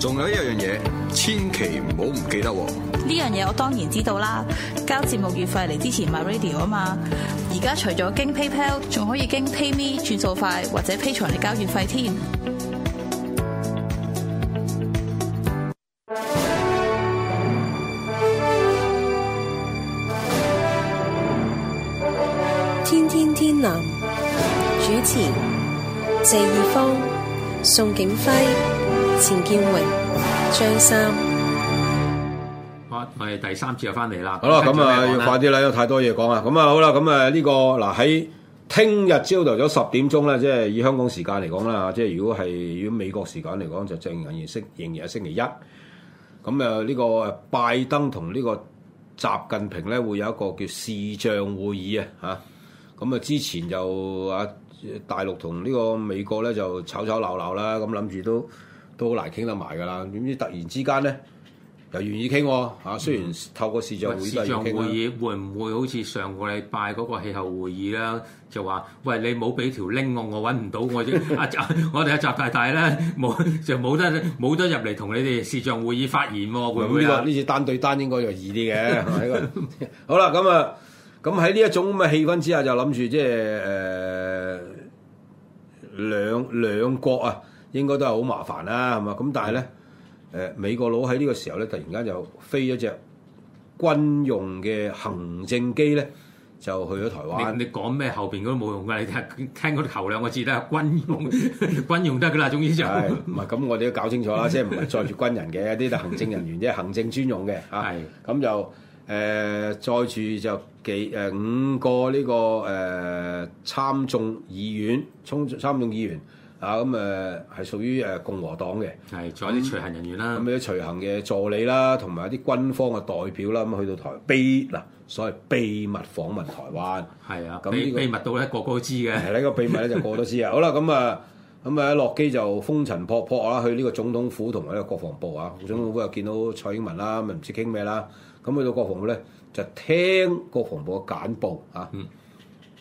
仲有一樣嘢，千祈唔好唔記得喎！呢樣嘢我當然知道啦，交節目月費嚟之前 m radio 啊嘛！而家除咗經 PayPal，仲可以經 PayMe 轉數快或者 Pay 財嚟交月費添。天天天藍，主持謝意芳、宋景輝。陳建榮、張三，我我第三次又翻嚟啦。好啦，咁、嗯嗯，這個、啊要快啲啦，有太多嘢講啦。咁啊好啦，咁啊呢個嗱喺聽日朝頭早十點鐘咧，即係以香港時間嚟講啦，即係如果係以美國時間嚟講，就正銀月息仍然係星、星期一。咁啊呢個拜登同呢個習近平咧會有一個叫視像會議啊吓。咁、嗯、啊之前就啊大陸同呢個美國咧就吵吵鬧鬧啦，咁諗住都。都好難傾得埋噶啦，點知突然之間咧又願意傾喎嚇？雖然透過視像會議傾、嗯、會唔會，會好似上個禮拜嗰個氣候會議啦？就話喂，你冇俾條 link 我，我揾唔到我先。阿我哋阿習大大咧冇，就冇得冇得入嚟同你哋視像會議發言喎、哦。咁呢個呢次單對單應該就容易啲嘅、 嗯。好啦，咁啊，咁喺呢一種咁嘅氣氛之下就，就諗住即係誒兩兩國啊。應該都係好麻煩啦，係嘛？咁但係咧，誒、呃、美國佬喺呢個時候咧，突然間就飛咗隻軍用嘅行政機咧，就去咗台灣。你講咩後邊都冇用㗎，你，你聽聽嗰頭兩個字都係軍用，軍用得㗎啦，總之就係唔係？咁我哋都搞清楚啦，即係唔係載住軍人嘅，呢啲 行政人員啫，行政專用嘅嚇。係咁 的、啊、就誒載住就幾誒、呃、五個呢、呢個誒參眾議院，參眾議員。啊，咁誒係屬於誒共和黨嘅，係，仲有啲隨行人員啦，咁啲、嗯、隨行嘅助理啦，同埋啲軍方嘅代表啦，咁去到台秘嗱、啊，所謂秘密訪問台灣，係啊，秘秘密到咧個個都知嘅，係呢個秘密咧就個個都知啊，好、嗯、啦，咁啊，咁啊落機就風塵僕僕啦，去呢個總統府同埋呢個國防部啊，總統府又見到蔡英文啦，咁啊唔知傾咩啦，咁去到國防部咧就聽國防部嘅簡報啊。嗯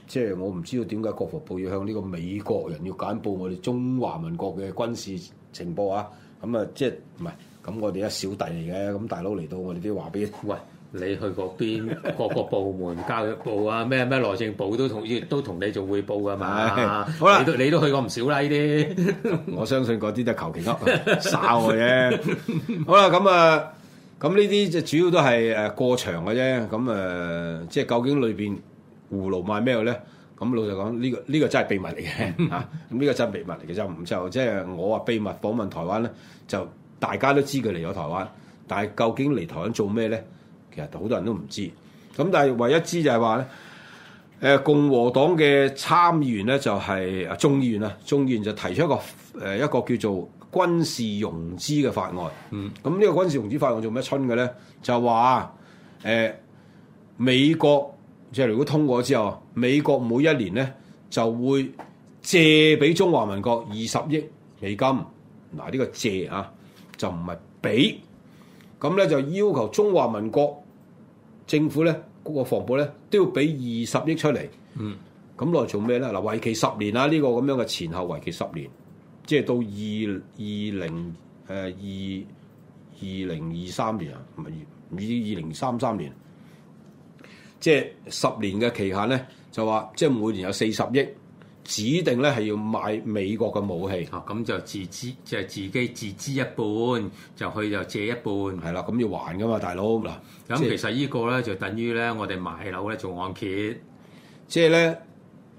即係我唔知道點解國防部要向呢個美國人要簡報我哋中華民國嘅軍事情報啊！咁啊，即係唔係咁我哋一小弟嚟嘅，咁大佬嚟到我哋都要話俾，喂，你去嗰邊各個部門教育部啊，咩咩內政部都同要都同你做匯報噶嘛？好啦、啊，你都去過唔少啦呢啲，我相信嗰啲就求其噏嘥我啫。 好啦，咁啊，咁呢啲就主要都係誒過場嘅啫。咁誒、啊，即係究竟裏邊，葫蘆賣咩咧？咁老實講，呢、這個呢、這個真係秘密嚟嘅嚇，咁、啊、呢、這個真係秘密嚟嘅就唔就即、是、係我話秘密訪問台灣咧，就大家都知佢嚟咗台灣，但係究竟嚟台灣做咩咧？其實好多人都唔知。咁但係唯一知就係話咧，誒共和黨嘅參議員咧就係、是、眾議員啊，眾議員就提出一個誒一個叫做軍事融資嘅法案。嗯，咁呢個軍事融資法案做咩春嘅咧？就話誒、呃、美國。即係如果通過之後，美國每一年咧就會借俾中華民國二十億美金。嗱，呢、這個借啊就唔係俾，咁咧就要求中華民國政府咧嗰個國防部咧都要俾二十億出嚟。嗯，咁落嚟做咩咧？嗱，為期十年啊，呢、這個咁樣嘅前後為期十年，即係到二二零誒、呃、二二零二三年啊，唔係二二零三三年。即係十年嘅期限咧，就話即係每年有四十億指定咧，係要買美國嘅武器。哦、啊，咁就自資，即係自己自資一半，就去就借一半。係啦，咁要還㗎嘛，大佬嗱。咁那麼 是其實個呢個咧就等於咧，我哋買樓咧做按揭。即係咧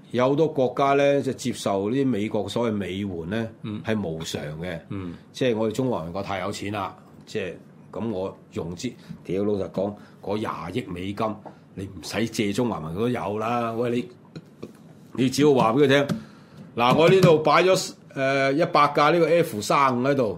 有好多國家咧，就接受呢啲美國所謂美援咧，係、嗯、無償嘅。嗯，即係我哋中華民國太有錢啦。即係咁，我融資屌老實講，嗰廿億美金。你唔使借中華民都有啦，喂你，你只要話俾佢聽，嗱我呢度擺咗誒一百架呢個 F 三五喺度，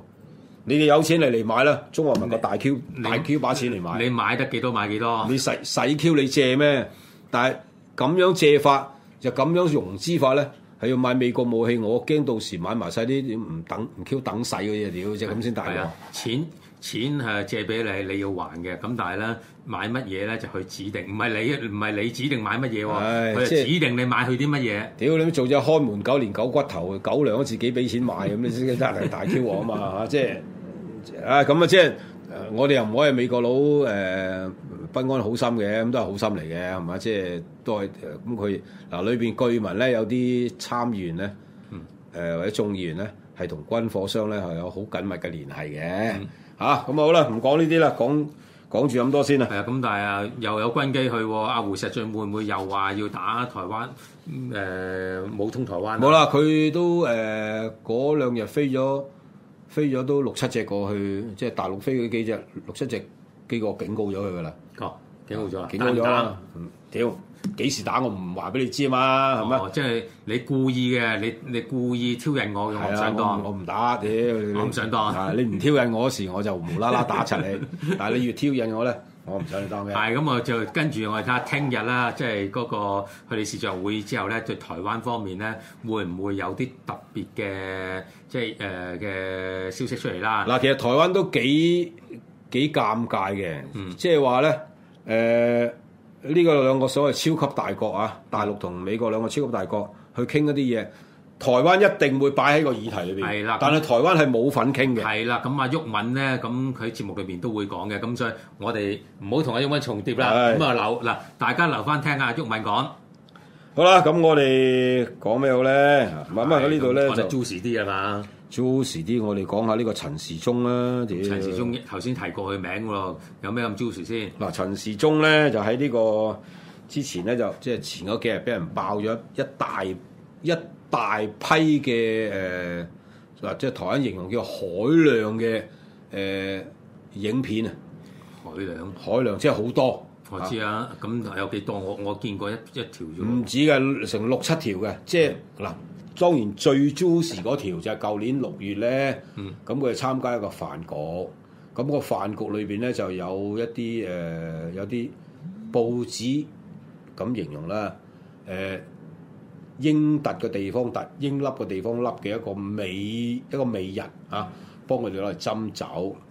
你哋有錢嚟嚟買啦，中華民國大 Q 大 Q 把錢嚟買你，你買得幾多買幾多，你使使 Q 你借咩？但係咁樣借法就咁樣融資法咧，係要買美國武器，我驚到時買埋晒啲唔等唔 Q 等使嘅嘢。屌即係咁先大鑊。錢係借俾你，你要還嘅。咁但係咧，買乜嘢咧就去指定，唔係你唔係你指定買乜嘢喎？哎、指定你買佢啲乜嘢？屌你！做咗開門九年狗骨頭、狗糧自己俾錢買，咁你先得嚟大 Q、就是、我啊嘛嚇！即係啊咁啊！即係我哋又唔可以美國佬誒，不安好心嘅，咁都係好心嚟嘅，係嘛、嗯？即係都係咁佢嗱裏邊居民咧有啲參議員咧，誒、呃、或者眾議員咧，係同軍火商咧係有好緊密嘅聯繫嘅。嗯啊，咁啊好啦，唔講呢啲啦，講講住咁多先啊。係啊，咁但係啊，又有軍機去，阿、啊、胡錫進會唔會又話要打台灣？誒、呃，武統台灣？冇啦、啊，佢都誒嗰、呃、兩日飛咗飛咗都六七隻過去，即係大陸飛嗰幾隻六七隻，幾個警告咗佢噶啦。哦，警告咗啦，警告咗啦。嗯，屌！幾時打我唔話俾你知啊嘛，係咪、哦、嗎即係你故意嘅，你你故意挑釁我嘅，我唔上、啊、我唔打，哎、我唔上當。你唔挑釁我時，我就無啦啦打出你。 但係你越挑釁我咧，我唔想你當嘅。係咁、嗯，我就跟住我哋睇下聽日啦，即係嗰個佢哋視像會之後咧，對台灣方面咧，會唔會有啲特別嘅即係誒嘅消息出嚟啦？嗱，其實台灣都幾幾尷尬嘅，即係話咧誒。呢個兩個所謂超級大國啊，大陸同美國兩個超級大國去傾一啲嘢，台灣一定會擺喺個議題裏邊。係啦的，但係台灣係冇份傾嘅。係啦，咁啊鬱敏毓民咧，咁佢喺節目裏邊都會講嘅，咁所以我哋唔好同阿毓民重疊啦。咁啊的留嗱，大家留翻聽下毓民講。好啦，咁我哋講咩好咧？慢慢喺呢度咧就做事啲啊嘛～juicy 啲，我哋講下呢個陳時中啦。陳時中頭先提過佢名喎，有咩咁 juicy 先？嗱，陳時中咧就喺呢、這個之前咧就即係前嗰幾日俾人爆咗一大一大批嘅誒，嗱、呃、即係台灣形容叫海量嘅誒、呃、影片啊！海量，海量，即係好多。我知啊，咁、啊、有幾多？我我見過一一條唔止嘅，成六七條嘅，即係嗱。嗯當然最糟時嗰條就係舊年六月咧，咁佢、嗯、參加一個飯局，咁、那個飯局裏邊咧就有一啲誒、呃，有啲報紙咁形容啦，誒、呃，英凸嘅地方凸，英凹嘅地方凹嘅一個美一個美人嚇、啊，幫佢哋攞嚟斟酒，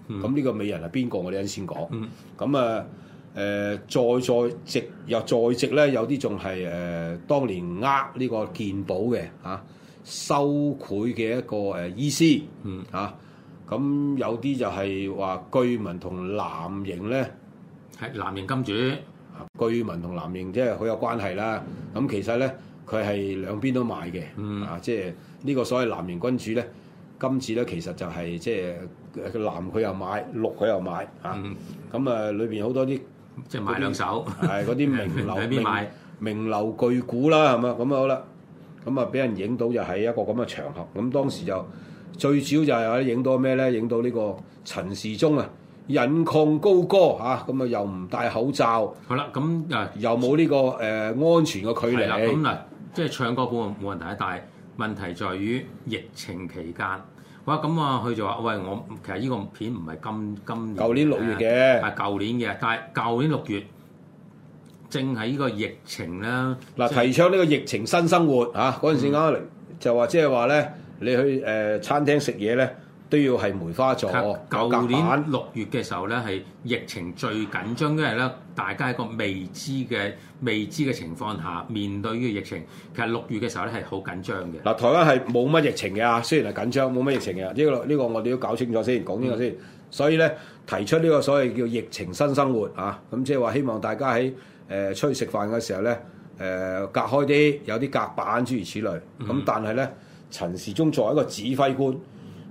咁呢、嗯、個美人係邊個？我哋啱先講，咁、嗯、啊誒、呃、在在直又在直咧，有啲仲係誒當年呃呢個健保嘅嚇。啊收賄嘅一個誒意思，嗯啊，咁、嗯、有啲就係話居民同藍營咧，係藍營金主，居民同藍營即係好有關係啦。咁、嗯嗯、其實咧，佢係兩邊都買嘅，嗯啊，即、就、係、是、呢個所謂藍營金主咧，今次咧其實就係即係藍佢又買，綠佢又買，嚇咁啊，裏邊好多啲即係買兩手，係嗰啲名流名流巨股啦，係咪咁啊？好啦。咁啊，俾人影到就係一個咁嘅場合。咁當時就最主要就係影到咩咧？影到呢個陳時中啊，引吭高歌嚇，咁啊又唔戴口罩。好啦，咁 啊、嗯、又冇呢、呢個誒、呃、安全嘅距離。係啦、啊，咁、嗯、嗱，即係唱歌本冇問題，但係問題在於疫情期間。哇！咁、嗯、啊，佢、啊、就話：喂，我其實呢個片唔係今今年，舊年六月嘅，係舊年嘅，但係舊年六月。正係呢個疫情啦！嗱，提倡呢個疫情新生活嚇，嗰陣時就話，即係話咧，你去誒餐廳食嘢咧，都要係梅花座。舊年六月嘅時候咧，係疫情最緊張，因為咧，大家喺個未知嘅未知嘅情況下，面對呢個疫情，其實六月嘅時候咧係好緊張嘅。嗱，台灣係冇乜疫情嘅，雖然係緊張，冇乜疫情嘅。呢個呢個我哋都搞清楚先，講呢個先。嗯、所以咧，提出呢個所謂叫疫情新生活嚇，咁即係話希望大家喺誒出去食飯嘅時候咧，誒、呃、隔開啲有啲隔板諸如此類。咁、嗯、但係咧，陳時中作為一個指揮官，嗯、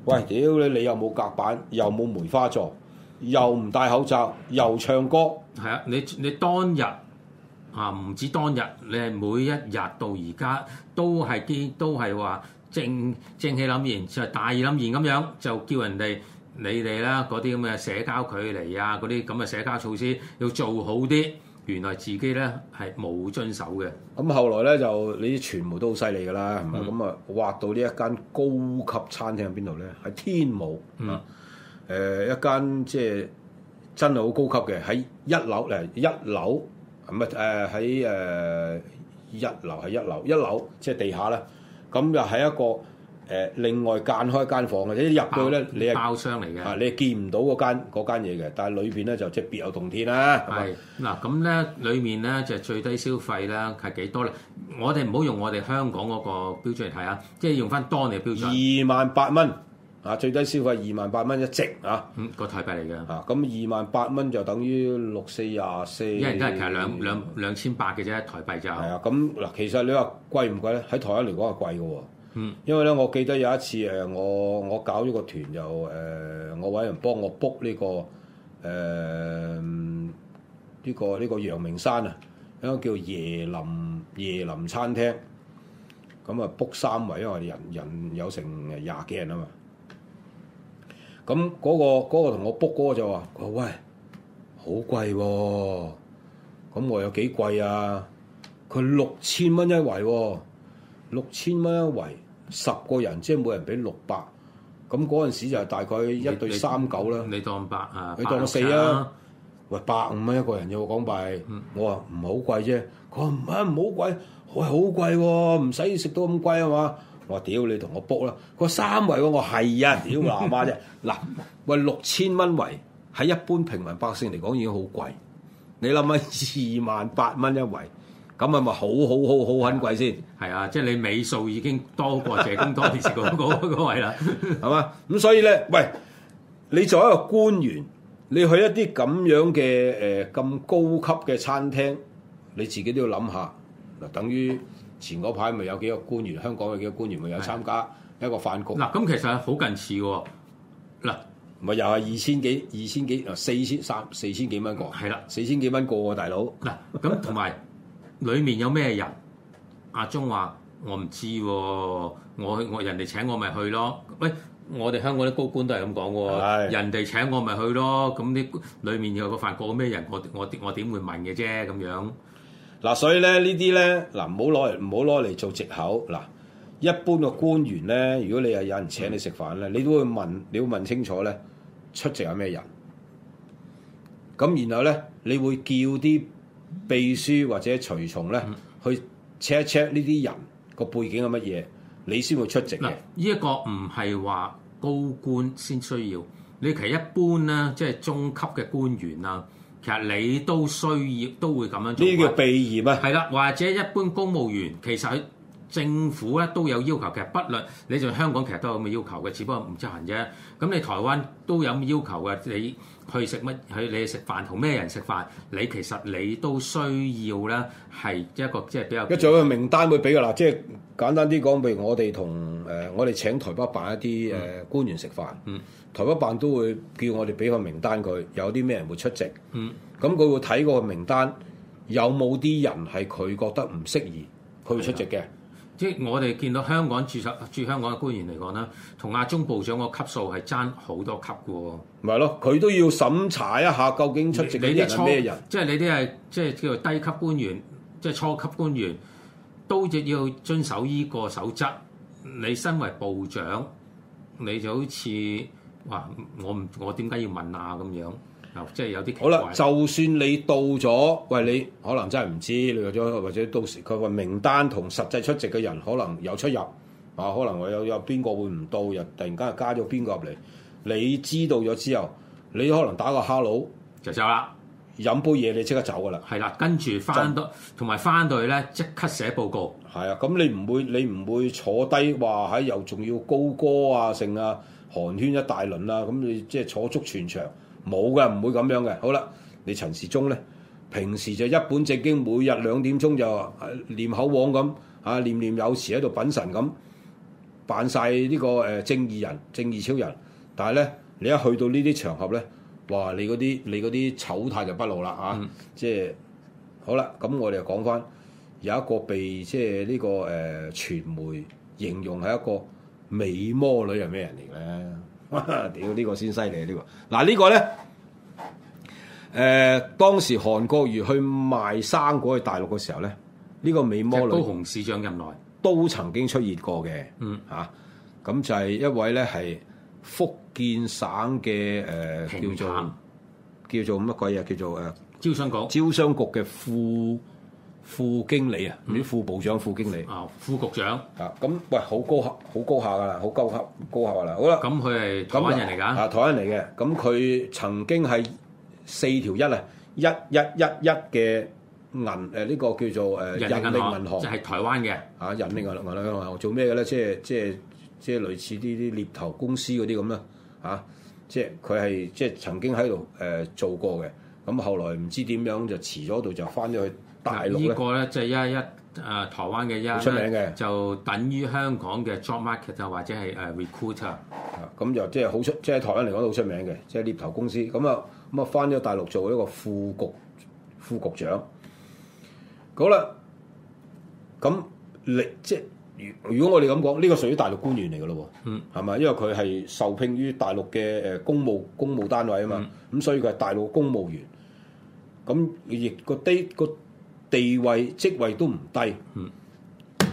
喂，屌你你又冇隔板，又冇梅花座，又唔戴口罩，嗯、又唱歌。係啊，你你當日啊，唔止當日，你係每一日到而家都係堅，都係話正正氣凜然，就係、大義凜然咁樣，就叫人哋你哋啦嗰啲咁嘅社交距離啊，嗰啲咁嘅社交措施要做好啲。原來自己咧係冇遵守嘅，咁、嗯嗯、後來咧就你啲傳媒都好犀利㗎啦，咁啊挖到呢一間高級餐廳喺邊度咧？喺天舞啊，誒、嗯呃、一間即係真係好高級嘅，喺一樓誒一樓，咁啊誒喺誒一樓喺、呃呃、一樓一樓即係、就是、地下咧，咁又喺一個。誒另外間開間房或者入去咧，你係包廂嚟嘅，你係見唔到嗰間嘢嘅。但係裏邊咧就即、是、係別有洞天啦、啊。係嗱咁咧，裏吧、啊、面咧就係、最低消費咧係幾多咧？我哋唔好用我哋香港嗰個標準嚟睇啊，即、就、係、是、用翻當地嘅標準。二萬八蚊啊，最低消費二萬八蚊一席啊，嗯，個台幣嚟嘅啊，咁二萬八蚊就等於六四廿四，一人都係兩兩兩,兩千八嘅啫，台幣就係啊。咁嗱，其實你話貴唔貴咧？喺台灣嚟講係貴嘅喎。嗯，因為咧，我記得有一次誒，我我搞咗個團就誒、呃，我揾人幫我 book 呢、這個誒呢、呃這個呢、這個陽明山啊，一個叫椰林椰林餐廳，咁啊 book 三圍，因為人人有成廿幾人啊嘛，咁、嗯、嗰、那個同、那個、我 book 嗰個就話：佢話喂，好貴喎，咁、嗯、我有幾貴啊？佢六千蚊一圍喎、哦。六千蚊一圍，十個人即係每人俾六百，咁嗰陣時就係大概一對三九啦。你當百啊？你當我四啊？啊喂，百五蚊一個人有嘅港幣，嗯、我話唔係好貴啫。佢話唔啊唔好貴，我係好貴喎，唔使食到咁貴啊嘛、啊。我話屌你同我卜啦，佢三圍喎、啊，我係啊，屌你阿媽啫。嗱，喂六千蚊圍喺一般平民百姓嚟講已經好貴，你諗下二萬八蚊一圍。咁咪咪好好好好好貴先，係啊！即係你尾數已經多過謝公多啲嗰位啦，係嘛？ 咁所以咧，喂，你作為一個官員，你去一啲咁樣嘅誒咁高級嘅餐廳，你自己都要諗下嗱。等於前嗰排咪有幾個官員，香港有幾個官員咪有參加一個飯局嗱。咁其實好近似喎嗱，咪那又係二千幾、二千幾四千三、四千幾蚊個，係啦，四千幾蚊個大佬嗱咁同埋。 裏面有咩人？阿中話：我唔知，我我人哋請我咪去咯。喂，我哋香港啲高官都係咁講喎，人哋請我咪去咯。咁啲裡面有個飯局咩人？我我我點會問嘅啫？咁樣嗱，所以咧呢啲咧嗱，唔好攞唔好攞嚟做藉口嗱。一般個官員咧，如果你係有人請你食飯咧，你都會問，你要問清楚咧，出席有咩人？咁然後咧，你會叫啲。秘書或者隨從咧，去 check 一 check 呢啲人個背景係乜嘢，你先會出席。呢一個唔係話高官先需要，你其實一般咧，即係中級嘅官員啊，其實你都需要都會咁樣做。呢個避嫌啊，係啦，或者一般公務員其實。政府咧都有要求嘅，其實不論你就香港其實都有咁嘅要求嘅，只不過唔執行啫。咁你台灣都有咁嘅要求嘅，你去食乜？去你去食飯同咩人食飯？你其實你都需要咧，係一個即係、就是就是、比較。一仲有個名單會俾㗎啦，即、就、係、是、簡單啲講，譬如我哋同誒我哋請台北辦一啲誒官員食飯，嗯嗯、台北辦都會叫我哋俾個名單佢，有啲咩人會出席。咁佢、嗯、會睇個名單有冇啲人係佢覺得唔適宜，佢會出席嘅。嗯嗯即係我哋見到香港駐守駐香港嘅官員嚟講咧，同阿中部長個級數係爭好多級嘅喎。咪係咯，佢都要審查一下究竟出席呢啲係咩人。即係你啲係即係叫做低級官員，即係初級官員，都亦要遵守依個守則。你身為部長，你就好似話我唔我點解要問啊咁樣？即係有啲好啦。就算你到咗，喂，你可能真係唔知你或者到時佢個名單同實際出席嘅人可能有出入啊，可能有有邊個會唔到，又突然間又加咗邊個入嚟。你知道咗之後，你可能打個 hello 就走啦，飲杯嘢，你即刻走㗎啦。係啦，跟住翻到同埋翻到去咧，即刻寫報告。係啊，咁你唔會你唔會坐低話喺又仲要高歌啊，剩啊寒暄一大輪啊，咁你即係坐足全場。冇嘅，唔會咁樣嘅。好啦，你陳時忠咧，平時就一本正經，每日兩點鐘就念口簧咁，啊念念有詞喺度品神咁，扮晒呢個誒正義人、正義超人。但係咧，你一去到呢啲場合咧，哇！你嗰啲你啲醜態就不露啦啊！嗯、即係好啦，咁我哋就講翻有一個被即係、這、呢個誒傳、呃、媒形容係一個美魔女係咩人嚟咧？屌，這個這個這個、呢個先犀利啊！呢個嗱，呢個咧，誒，當時韓國瑜去賣生果去大陸嘅時候咧，呢、這個美魔女都高雄市長任內都曾經出現過嘅，嗯嚇，咁、啊、就係一位咧，係福建省嘅誒、呃衡，叫做叫做乜鬼嘢，叫做誒招商局招商局嘅副。副經理啊，啲、嗯、副部長、副經理啊、哦，副局長啊，咁喂，好高級，好高下噶啦，好高級，高下噶啦。好啦，咁佢係台灣人嚟㗎，啊，台灣嚟嘅。咁佢曾經係四條一啊，一一一一嘅銀誒呢、啊呢個叫做誒人力銀行，就係台灣嘅啊，人力銀行做咩嘅咧？即係、啊、即係即係類似呢啲獵頭公司嗰啲咁啦，啊，即係佢係即係曾經喺度誒做過嘅，咁後來唔知點樣就辭咗度，就返咗去。大陸呢個咧即係一一誒、呃、台灣嘅一出名嘅，就等於香港嘅 job market 啊，或者係誒 recruiter，咁就即係好出，即係台灣嚟講都好出名嘅，即係獵頭公司。咁啊，咁啊返咗大陸做一個副局副局長。好啦，咁你即係如如果我哋咁講，呢個屬於大陸官員嚟嘅咯喎，嗯，係咪、嗯？嗯、因為佢係受聘於大陸嘅誒公務公務單位啊嘛，咁、嗯、所以佢係大陸公務員。咁亦個低個。嗯地位職位都唔低，嗯，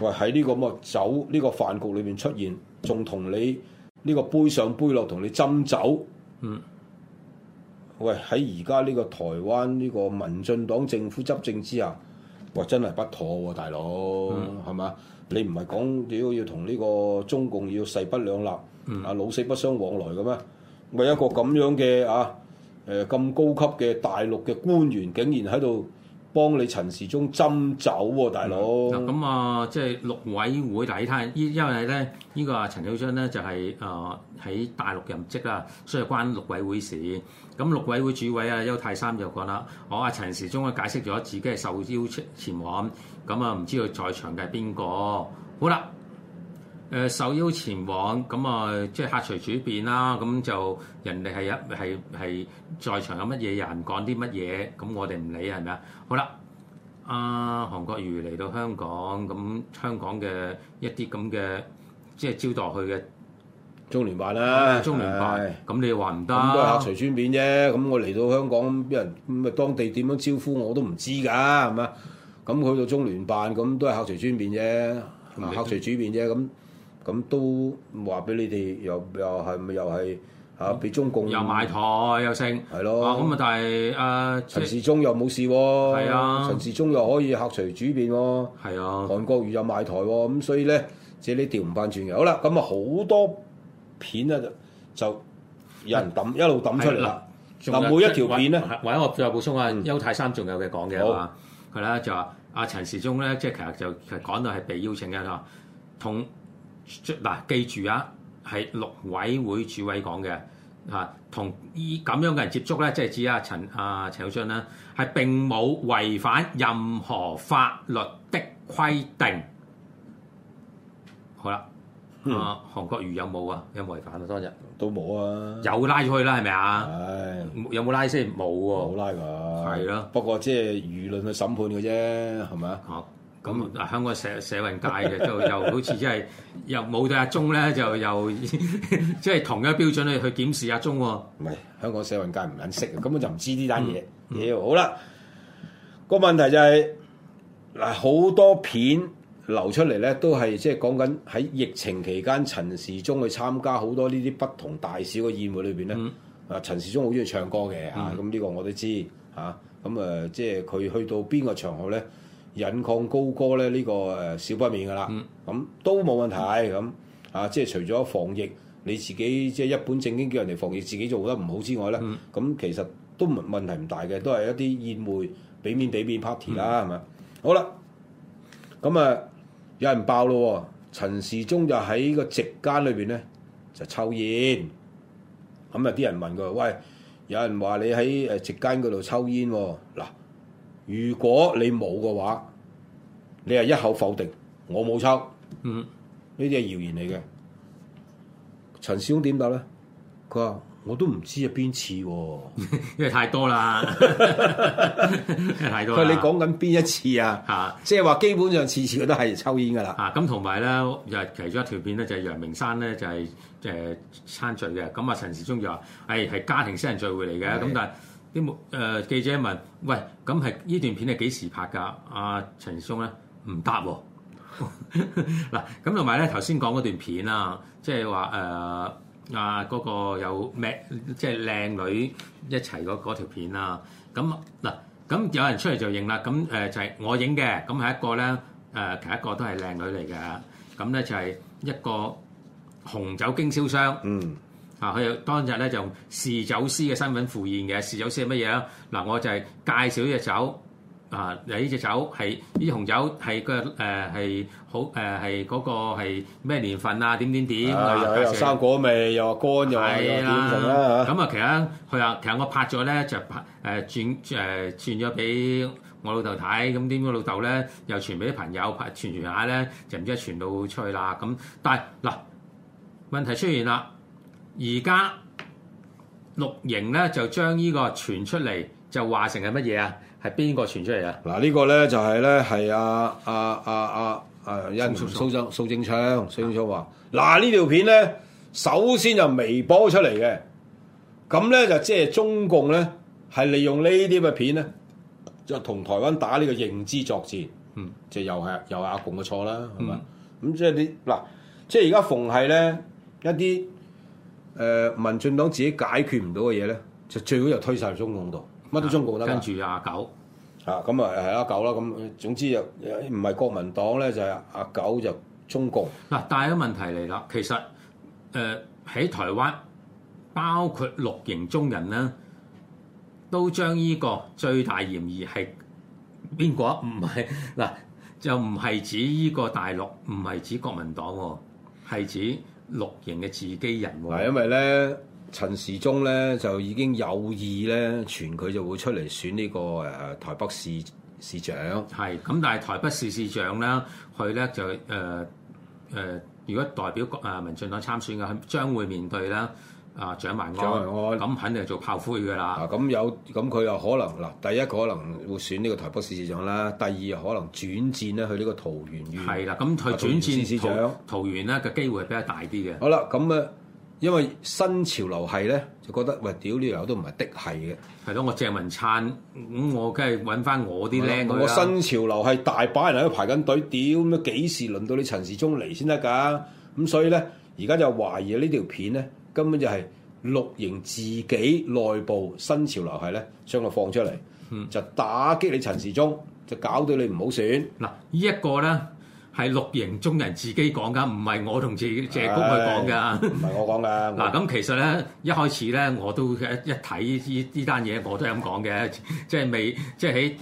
喂喺呢個咁酒呢、這個飯局裏面出現，仲同你呢、這個杯上杯落同你斟酒，嗯，喂喺而家呢個台灣呢個民進黨政府執政之下，哇真係不妥喎、啊，大佬，係嘛、嗯？你唔係講屌要同呢個中共要勢不兩立，啊、嗯、老死不相往來嘅咩？為一個咁樣嘅啊誒咁、呃、高級嘅大陸嘅官員，竟然喺度～幫你陳時中斟酒喎、啊，大佬。嗱咁、嗯、啊，即係陸委會睇睇，依因為咧，依、這個啊陳小春咧就係啊喺大陸任職啊，所以關陸委會事。咁陸委會主委啊邱太三就講啦，我、啊、阿、啊、陳時中啊解釋咗自己係受邀出前往，咁啊唔知佢在場嘅係邊個？好啦。誒、呃、受邀前往，咁、嗯、啊，即係客隨主便啦。咁、嗯、就人哋係有係係在場有乜嘢人講啲乜嘢，咁、嗯、我哋唔理係咪啊？好啦，啊韓國瑜嚟到香港，咁、嗯、香港嘅一啲咁嘅即係招待佢嘅中聯辦啦、啊啊，中聯辦，咁是、嗯、你話唔得？咁、嗯、都係客隨主便啫。咁、嗯、我嚟到香港，啲人咁啊當地點樣招呼我都唔知㗎，係咪啊？咁、嗯、去到中聯辦，咁都係客隨主便啫，客隨主便啫，咁、嗯。咁都話俾你哋又又係咪又係嚇？俾中共又賣台又勝，係咯。咁啊，但係阿陳時中又冇事喎。係啊，陳時中又可以客隨主便喎。係啊，韓國瑜又賣台喎。咁所以咧，即係你調唔翻轉嘅。好啦，咁啊好多片咧就有人揼一路揼出嚟啦。嗱，每一條片咧，或者我再補充下，邱泰山仲有嘅講嘅啊，佢咧就話阿陳時中咧，即係其實就講到係被邀請嘅同。嗱，記住啊，係陸委會主委講嘅，啊，同依咁樣嘅人接觸咧，即係指阿陳阿、啊、陳小春啦，係、啊、並冇違反任何法律的規定。好啦，嗯、啊，韓國瑜有冇日啊？有冇違反啊？當日都冇啊！有拉咗去啦，係咪啊？係，有冇拉先？冇啊，冇拉㗎。係咯。不過即係輿論去審判嘅啫，係咪啊？好、嗯。咁啊，香港社社運界嘅就又好似即係又冇對阿中咧，就又即係 同一標準去去檢視阿中、哦，唔係香港社運界唔撚識根本就唔知呢單嘢。屌、嗯嗯、好啦，個問題就係、是、嗱，好多片流出嚟咧，都係即係講緊喺疫情期間，陳時中去參加好多呢啲不同大小嘅宴會裏邊咧。啊，陳時中好中意唱歌嘅嚇，咁呢個我都知嚇。咁誒，即係佢去到邊個場合咧？引吭高歌咧呢、呢個誒少不免㗎啦，咁、嗯、都冇問題咁啊！即係除咗防疫，你自己即係一本正經叫人哋防疫，自己做得唔好之外咧，咁、嗯、其實都問題唔大嘅，都係一啲宴會俾面俾面 party 啦、嗯，係咪？好啦，咁啊有人爆咯，陳時中就喺個席間裏邊咧就抽煙，咁啊啲人問佢：，喂，有人話你喺誒席間嗰度抽煙嗱、啊？如果你冇嘅話，你係一口否定我冇抽，嗯，呢啲係謠言嚟嘅。陳時中點答咧？佢話我都唔知係邊次喎，因為太多啦， 太多。佢你講緊邊一次啊？嚇，即係話基本上次次佢都係抽煙噶啦。啊，咁同埋咧又其中一條片咧，就係、是、楊明山咧就係誒餐聚嘅。咁啊，陳時中就話：，誒係家庭私人聚會嚟嘅。咁的但係。啲木誒記者問：，喂，咁係呢段片係幾時拍㗎？阿、啊、陳松咧唔答喎、哦。嗱， 咁同埋咧頭先講嗰段片，就是呃、啊，即係話誒阿嗰個有咩，即係靚女一齊嗰條片啊。咁嗱，咁有人出嚟就認啦。咁誒就係我影嘅。咁係一個咧誒、呃，其一個都係靚女嚟嘅。咁咧就係一個紅酒經銷商。嗯。啊！佢當日咧就用侍酒師嘅身份赴宴嘅，侍酒師係乜嘢咧？嗱，我就係介紹呢隻酒啊！又呢隻酒係呢紅酒係、呃呃、個誒係好誒係嗰個係咩年份啊？點點點啊！又又生果味，又乾，又又點咁啊，啊，其實佢話其實我拍咗咧就拍誒、呃、轉誒、呃、轉咗俾我老豆睇，咁點解老豆咧又傳俾啲朋友拍傳傳下咧，就唔知傳到，到出去啦。咁但係嗱，問題出現啦。而家綠營咧就將呢個傳出嚟，就話成係乜嘢啊？係邊個傳出嚟啊？嗱、啊，呢個咧就係咧係阿阿阿阿阿恩蘇貞蘇貞昌蘇貞昌話：嗱，呢條片咧首先就微博出嚟嘅，咁咧就即係中共咧係利用呢啲嘅片咧就同台灣打呢個認知作戰。嗯，即係又係又係阿共嘅錯啦，係咪？咁即係你嗱，即係而家逢係咧一啲。誒民進黨自己解決唔到嘅嘢咧，就最好就推晒去中共度，乜都中共得。跟住、啊、阿九，啊咁啊係阿九啦，咁總之就唔係國民黨咧，就係、是、阿九就中共。嗱、啊，帶咗問題嚟啦，其實誒喺、呃、台灣，包括綠營中人咧，都將呢個最大嫌疑係邊個？唔係嗱，就唔係指呢個大陸，唔係指國民黨喎，係指。六型嘅自己人喎，因為咧，陳時中咧就已經有意咧，傳佢就會出嚟選呢個誒台，台北市市長，係咁，但係台北市市長咧，佢咧就誒誒如果代表誒民進黨參選嘅，佢將會面對啦。啊！蔣萬安咁肯定係做炮灰噶啦。咁、啊、有咁佢又可能嗱，第一個可能會選呢個台北市市長啦，第二又可能轉戰咧去呢個桃園縣。係啦，咁佢轉戰市長，桃園咧嘅機會係比較大啲嘅。好啦，咁啊，因為新潮流系咧，就覺得喂，屌呢條友都唔係的係嘅。係咯，我鄭文燦，咁，我梗係揾翻我啲靚女。我新潮流係大把人喺度排緊隊，屌咁幾時輪到你陳時中嚟先得㗎？咁所以咧，而家就懷疑呢條片咧。根本就係綠營自己內部新潮流係咧，將佢放出嚟，嗯、就打擊你陳時中，就搞到你唔好選。嗱，依一個咧係綠營中人自己講噶，唔係我同自己謝高佢講嘅，唔係、哎、我講噶。嗱，咁其實咧一開始咧我都一睇呢依單嘢，我都係咁講嘅，即係未即係喺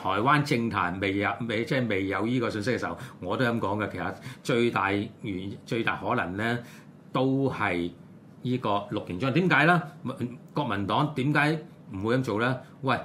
台灣政壇未有未即係未有依個信息嘅時候，我都係咁講嘅。其實最大源最大可能咧都係。呢個六連張點解咧？國民黨點解唔會咁做咧？喂，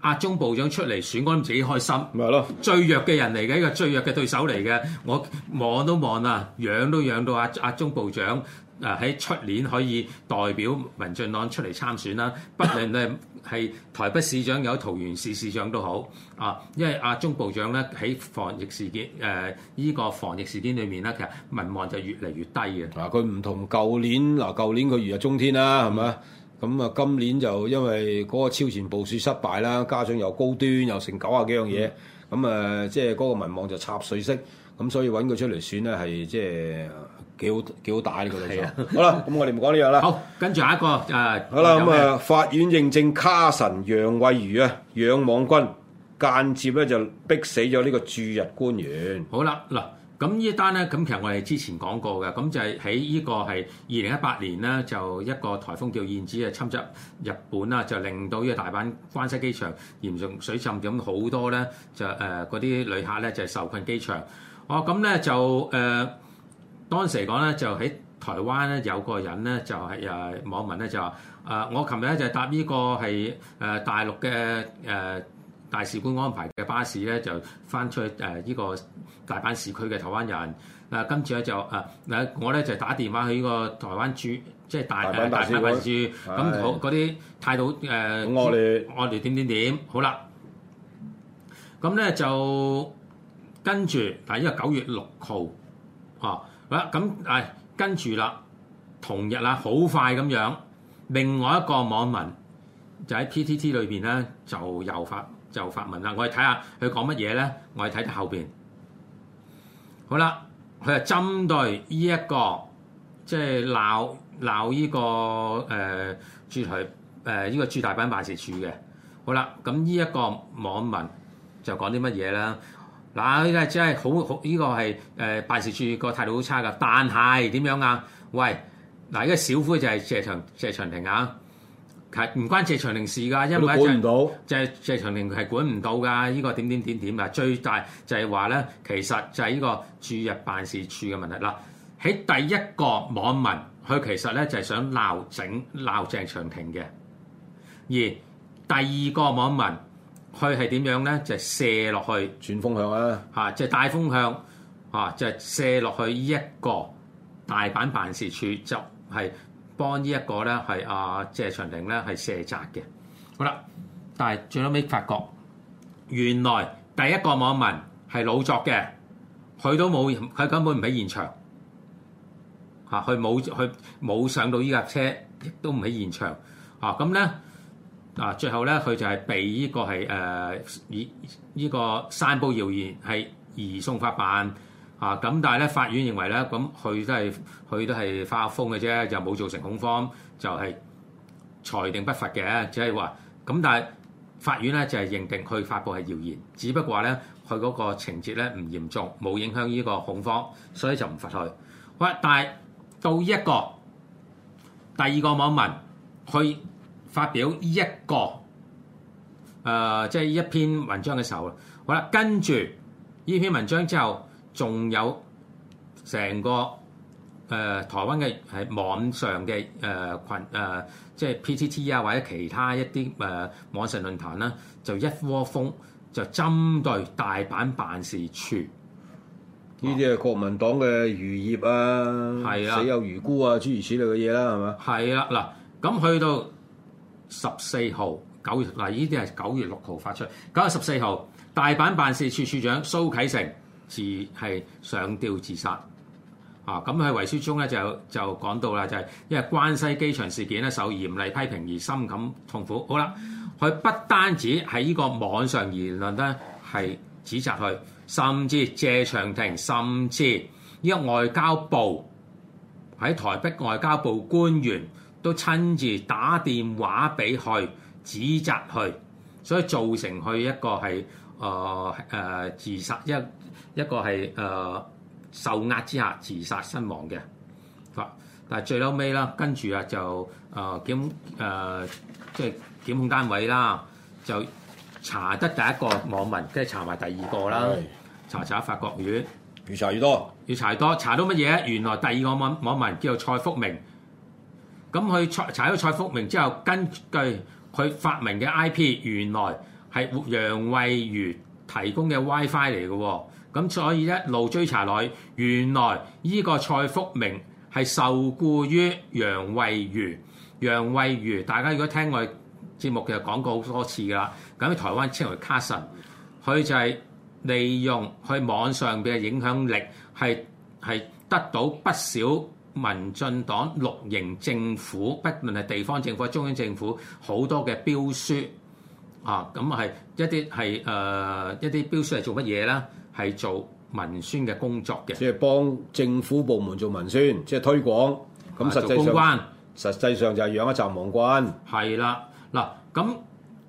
阿中部長出嚟選，我諗自己開心咪咯？最弱嘅人嚟嘅，一個最弱嘅對手嚟嘅，我望都望啊，樣都樣到阿、啊、阿中部長啊喺出年可以代表民進黨出嚟參選啦，不論都 係台北市長，有桃園市市長都好啊，因為阿中部長咧喺防疫事件誒，依、呃這個防疫事件裡面咧，其實民望就越嚟越低嘅。嗱，佢唔同舊年嗱，舊年佢如日中天啦，係嘛？咁、嗯、啊，今年就因為嗰個超前部署失敗啦，加上又高端又成九啊幾樣嘢，咁誒、嗯，即係嗰個民望就插水式，咁所以揾佢出嚟選咧係即係。就是幾好幾 好打呢個對手。好啦，咁我哋唔講呢樣啦。好，跟住下一個誒。呃、好啦了，咁啊，法院認證卡神楊蕙如啊，養網軍間接咧就逼死咗呢個駐日官員。好啦，嗱，咁呢單咧，咁其實我哋之前講過嘅，咁就係喺呢個係二零一八年咧，就一個台風叫燕子啊侵襲日本啦，就令到呢個大阪關西機場嚴重水浸，咁好多咧就誒嗰啲旅客咧就是、受困機場。哦，咁咧就誒。呃當時講咧就喺台灣咧有個人咧就係、是、誒網民咧就話誒，我琴日咧就搭呢個係誒大陸嘅誒、呃、大使館安排嘅巴士咧就返出去誒呢個大阪市區嘅台灣人，誒、啊、今次咧就誒、啊、我咧就打電話去呢個台灣駐，即係大大阪大使館，咁嗰啲態度誒我哋我哋點點點，好啦咁咧就跟住，但係因為九月六號啊。好啦，咁誒跟住啦，同日啦，好快咁樣，另外一個網民就喺 PTT 裏邊咧，就又發就發文啦。我哋睇下佢講乜嘢咧，我哋睇到後邊。好啦，佢係針對呢一個即係鬧鬧呢個誒駐台誒呢個駐大阪辦事處嘅。好啦，咁呢一個網民就講啲乜嘢咧？嗱，呢家真係好好，依個係誒辦事處個態度好差噶。但係點樣啊？喂，嗱，依家小夫就係謝長謝長廷啊，係唔關謝長廷事噶，因為真、就、係、是、謝謝長廷係管唔到噶。呢、呢個點點點點啊，最大就係話咧，其實就係呢個駐日辦事處嘅問題喇。喺第一個網民，佢其實咧就係想鬧整鬧謝長廷嘅。而第二個網民。佢係點樣咧？就是、射落去轉風向啦！嚇、啊，即、就、係、是、大風向嚇、啊，就係、是、射落去依一個大阪辦事處，就係、是、幫呢一個咧係阿謝長廷咧係卸責嘅。好啦，但係最尾，發覺，原來第一個網民係老作嘅，佢都冇佢根本唔喺現場嚇，佢冇佢冇上到依架車，亦都唔喺現場嚇，咁、啊、咧。啊！最後咧、這個，佢就係被呢個係誒依依個散佈謠言係移送法辦啊！咁但係咧，法院認為咧，咁佢都係佢都係發下瘋嘅啫，就冇造成恐慌，就係、是、裁定不罰嘅，即係話咁。但係法院咧就係認定佢發布係謠言，只不過咧佢嗰個情節咧唔嚴重，冇影響呢個恐慌，所以就唔罰佢。喂，但係到呢一個第二個網民去。發表一個誒、呃，即係一篇文章嘅時候，好啦，跟住呢篇文章之後，仲有成個誒、呃、台灣嘅係網上嘅誒羣誒，即係 P.T.T 啊或者其他一啲誒、呃、網上論壇啦，就一窩蜂就針對大阪辦事處，呢啲係國民黨嘅餘孽啊，係啊，死有餘辜啊，諸如此類嘅嘢啦，係咪？係啊，嗱咁去到。十四號九月嗱，呢啲係九月六號發出，九月十四號，大阪辦事處處長蘇啟成自係上吊自殺。啊，咁喺遺書中咧就就講到啦，就係、就是、因為關西機場事件咧受嚴厲批評而深感痛苦。好啦，佢不單止喺呢個網上言論咧係指責佢，甚至謝長廷，甚至呢個外交部喺台北外交部官員。都親自打電話俾佢指責佢，所以造成佢一個係誒誒自殺一一個係誒、呃、受壓之下自殺身亡嘅。好，但係最嬲尾啦，跟住啊就誒、呃、檢誒即係檢控單位啦，就查得第一個網民，即係查埋第二個啦，哎、查查法國語，越查越多，越查越多，查到乜嘢？原來第二個網網民叫蔡福明。咁佢查咗蔡福明之後，根據佢發明嘅 I P，原來係楊惠如提供嘅 WiFi 嚟㗎喎。咁、哦、所以一路追查落去，原來呢個蔡福明係受雇於楊惠如。楊惠如大家如果聽我節目嘅講過好多次㗎啦，咁喺台灣稱為卡神，佢就係利用佢網上嘅影響力，係係得到不少。民進黨綠營政府，不論係地方政府、中央政府，好多嘅標書啊，咁係一啲係誒一啲標書係做乜嘢咧？係做文宣嘅工作嘅，即係幫政府部門做文宣，即、就、係、是、推廣咁。做、啊啊啊、公關，實際上就係養一陣網軍係啦。嗱咁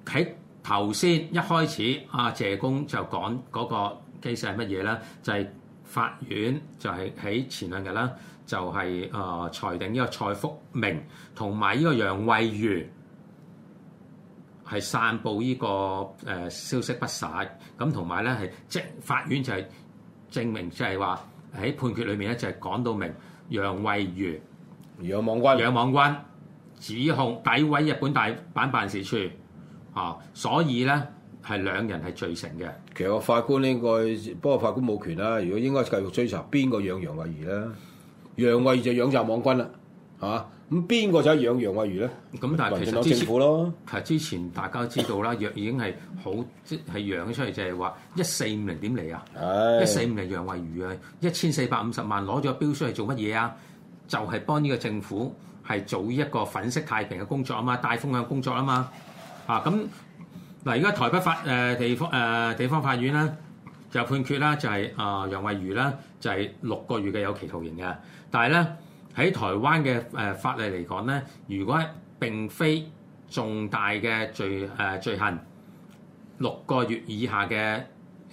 喺頭先一開始，阿、啊、謝公就講嗰個機勢係乜嘢咧？就係、是、法院就係喺前兩日啦。就係、是、誒、呃、裁定呢個蔡福明同埋呢個楊惠如係散布呢、這個誒、呃、消息不實，咁同埋咧係證法院就係、是、證明，即係話喺判決裏面咧就係講到明楊惠如養網軍，養網軍指控詆毀日本大阪辦，辦事處，哦、啊，所以咧係兩人係罪成嘅。其實個法官應該不過法官冇權啦，如果應該繼續追查邊個養楊惠如啦。楊惠如就養就網軍啦，嚇咁邊個就養楊惠如咧？咁但係其實之前政府咯，之前大家都知道啦， 若已經係好即係養出嚟就係話一四五零點嚟啊，一四五零楊惠如啊，一千四百五十萬攞咗標書出嚟做乜嘢啊？就係、是、幫呢個政府係做一個粉飾太平嘅工作啊嘛，帶風向工作啊嘛，嚇咁嗱，而家台北法誒、呃、地方誒、呃、地方法院咧。就判決啦，就係、是、啊、呃、楊慧如啦，就係、是、六個月嘅有期徒刑嘅。但係咧，喺台灣嘅誒、呃、法例嚟講咧，如果並非重大嘅罪誒、呃、罪行，六個月以下嘅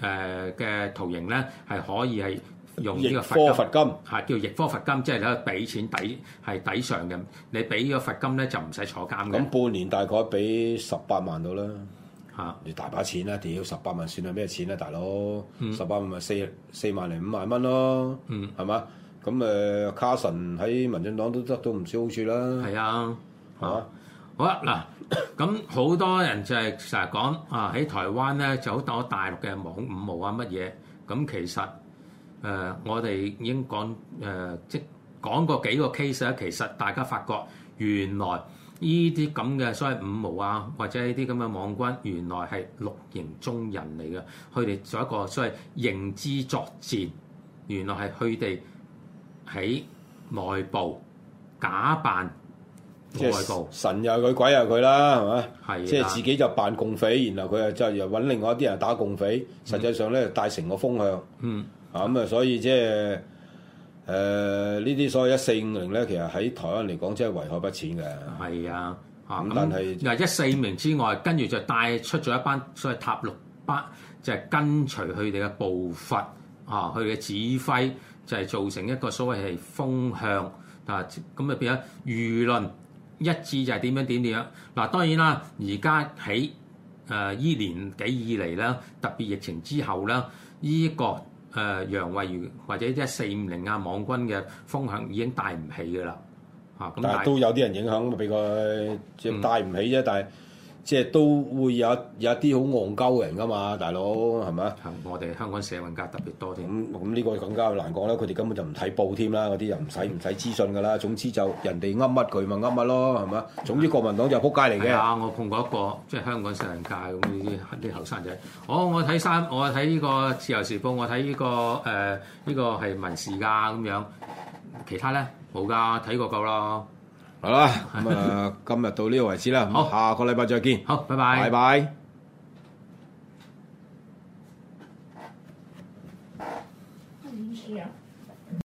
誒嘅徒刑咧，係可以係用呢個罰金，係叫易科罰金，即係咧俾錢抵係抵償嘅。你俾咗罰金咧就唔使坐監咁。咁半年大概俾十八萬到啦。啊、你大把錢啦，屌十八萬算係咩錢啊，大佬！十八、嗯、萬咪四四萬零五萬蚊咯，係嘛、嗯？咁誒、呃，卡神喺民進黨都得到唔少好處啦。係啊，係嘛吧、啊？好啦，嗱、啊，咁好多人就係成日講啊，喺台灣咧就好多大陸嘅網五毛啊乜嘢，咁、啊、其實誒、呃、我哋已經講誒、呃、即講過幾個 case 啦，其實大家發覺原來。呢啲咁嘅所謂五毛啊，或者呢啲咁嘅網軍，原來係綠營中人嚟嘅。佢哋做一個所謂認知作戰，原來係佢哋喺內部假扮外部神又佢鬼又佢啦，係咪？係、啊、即係自己就扮共匪，然後佢又就又揾另外一啲人打共匪，實際上咧、嗯、帶成個風向。嗯，啊咁啊，所以即係。誒呢啲所謂一四五零咧，其實喺台灣嚟講真係為害不淺嘅。係啊，咁但係嗱一四五零之外，跟住就帶出咗一班所謂塔綠班，就係、是、跟隨佢哋嘅步伐啊，佢哋嘅指揮就係、是、造成一個所謂係風向啊，咁就變咗輿論一致就係點樣點點樣嗱、啊。當然啦，而家喺誒依年幾以嚟啦，特別疫情之後啦，依、這、一、個誒楊惠如或者即係四五零啊，網軍嘅風向已經帶唔起㗎啦。嚇，咁但係都有啲人影響，咪俾佢即係帶唔起啫，但係。即係都會有有一啲好戇鳩嘅人㗎嘛，大佬係咪啊？我哋香港社運界特別多啲。咁咁呢個更加難講啦。佢哋根本就唔睇報添啦，嗰啲又唔使唔使資訊㗎啦。總之就人哋噏乜佢咪噏乜咯，係咪啊？總之國民黨就撲街嚟嘅。啊，我碰過一個即係香港社運界咁啲啲後生仔，我我睇三我睇呢個自由時報，我睇呢個誒呢個係文事㗎咁樣，其他咧冇㗎，睇過夠啦。好啦，咁啊，今日到呢度為止啦。 好，下個禮拜再見。好，拜拜。拜拜。